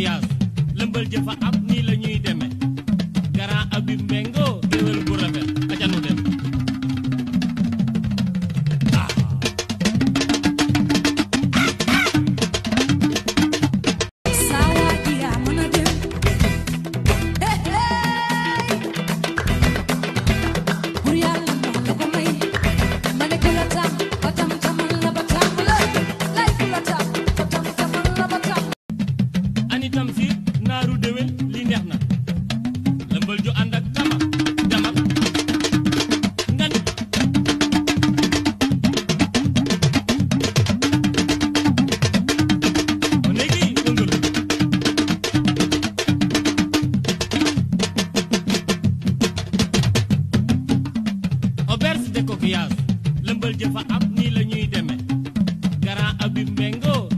maquillage lëmbal jëfa am nii dafa am nii la ñuy demee grand Habib Mbengo